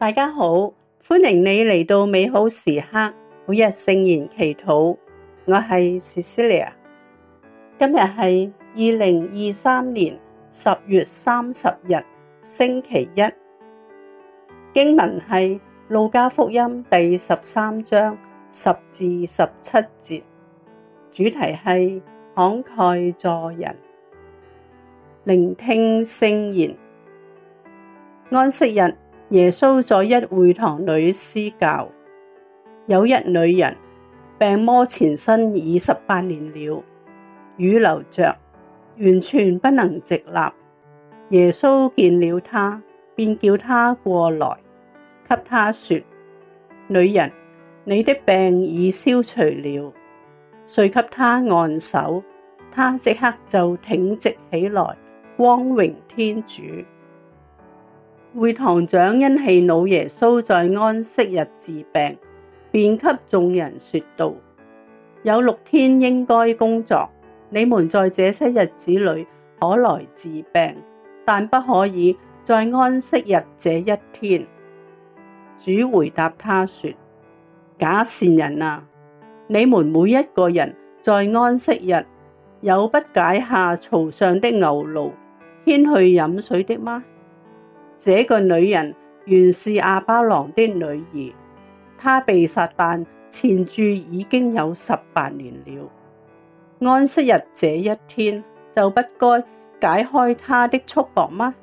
大家好，歡迎你嚟到美好時刻每日聖言祈禱，我係 Cecilia。今日係二零二三年十月三十日，星期一。經文係路加福音第十三章十至十七節，主題係慷慨助人，聆聽聖言，安息日。耶穌在一會堂裏施教，有一女人病魔纏身已十八年了，傴僂著，完全不能直立。耶穌見了她，便叫她過來，給她說：「女人，你的病已消除了。」遂給她按手，她即刻就挺直起來，光榮天主。會堂長因氣惱耶穌在安息日治病，便給眾人說道：有六天應該工作，你們在這些日子裡可來治病，但不可以在安息日這一天。主回答他說：假善人啊，你們每一個人在安息日有不解下槽上的牛驢，牽去飲水的嗎？這個女人原是亞巴郎的女兒，她被撒殫纏住已經有十八年了。安息日這一天，就不該解開她的束縛嗎？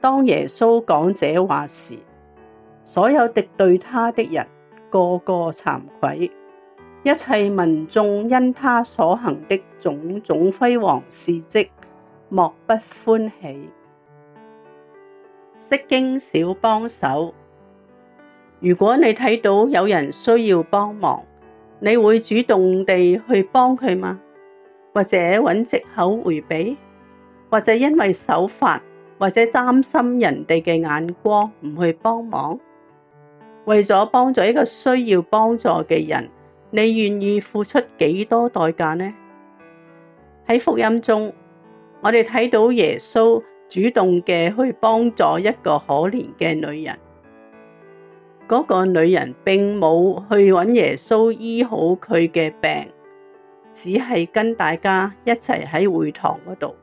當耶穌講這話時，所有敵對他的人，個個慚愧，一切民眾因他所行的種種輝煌事蹟，莫不歡喜。釋經小幫手。如果你睇到有人需要幫忙，你會主動地去幫佢嗎？或者揾藉口回避？或者因為守法，或者擔心人哋嘅眼光唔去幫忙？為咗幫助一個需要幫助嘅人，你願意付出幾多代價呢？喺福音中，我哋睇到耶穌。主動嘅去幫助一個可憐嘅女人，嗰個女人並冇去揾耶穌醫好佢嘅病，只係跟大家一齊喺會堂嗰度。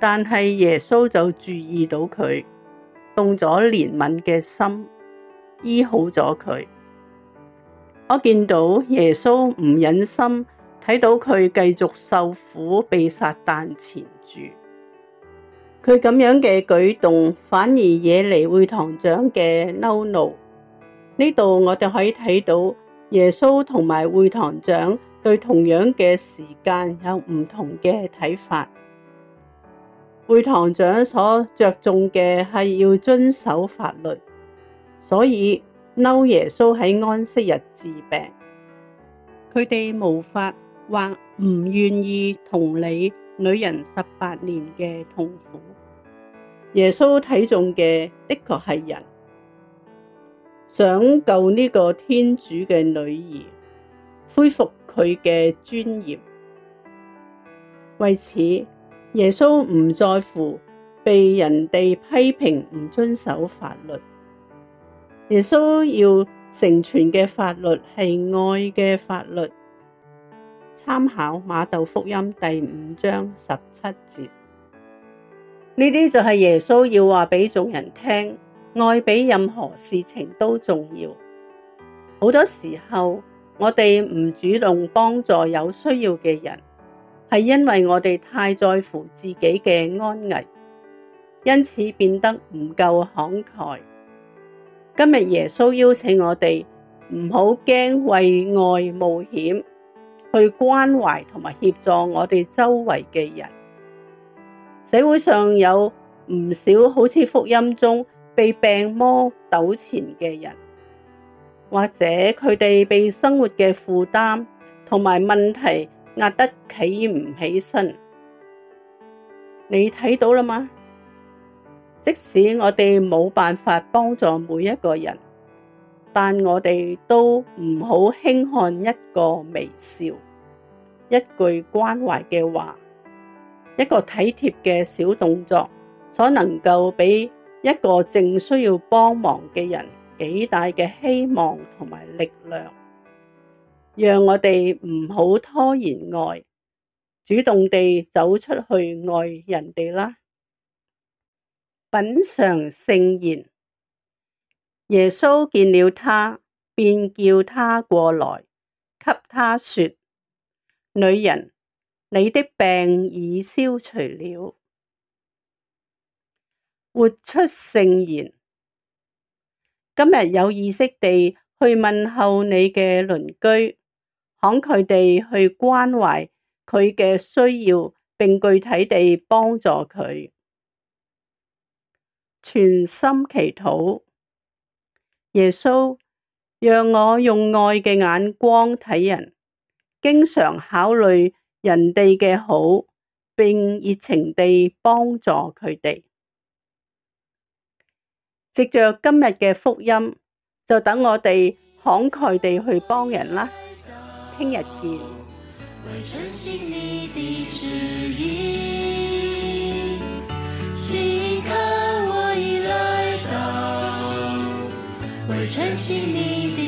但係耶穌就注意到佢，動咗憐憫嘅心，醫好咗佢。我見到耶穌唔忍心，睇到佢繼續受苦被撒旦纏住。佢咁樣嘅舉動，反而惹嚟會堂長嘅嬲怒。呢度我哋可以睇到，耶穌同埋會堂長對同樣嘅時間有唔同嘅睇法。會堂長所着重嘅係要遵守法律，所以嬲耶穌喺安息日治病，佢哋無法或唔願意同理女人十八年嘅痛苦，耶穌睇重嘅的確係人，想救呢個天主嘅女兒，恢復佢嘅尊嚴。為此，耶穌唔在乎被人哋批評唔遵守法律。耶穌要成全嘅法律係愛嘅法律。參考瑪竇福音第五章十七節，呢啲就係耶穌要話俾眾人聽，愛比任何事情都重要。好多時候我哋唔主動幫助有需要嘅人，係因為我哋太在乎自己嘅安危，因此變得唔夠慷慨。今日耶穌邀請我哋唔好驚為愛冒險。去關懷同埋協助我哋周圍嘅人，社會上有唔少好似福音中被病魔糾纏嘅人，或者佢哋被生活嘅負擔同埋問題壓得企唔起身。你睇到啦嘛？即使我哋冇辦法幫助每一個人，但我哋都唔好輕看一個微笑，一句關懷嘅話，一個體貼嘅小動作，所能夠俾一個正需要幫忙嘅人幾大嘅希望同埋力量，讓我哋唔好拖延愛，主動地走出去愛人哋啦。品嚐聖言，耶穌見了她，便叫她過來，給她說。女人，你的病已消除了。活出聖言。今日有意識地去問候你嘅鄰居，慷慨地去關懷佢嘅需要，並具體地幫助佢。全心祈禱，耶穌，讓我用愛嘅眼光睇人。經常考慮人哋嘅好，並熱情地幫助佢哋。藉着今日嘅福音，就等我哋慷慨地去幫人啦。聽日見。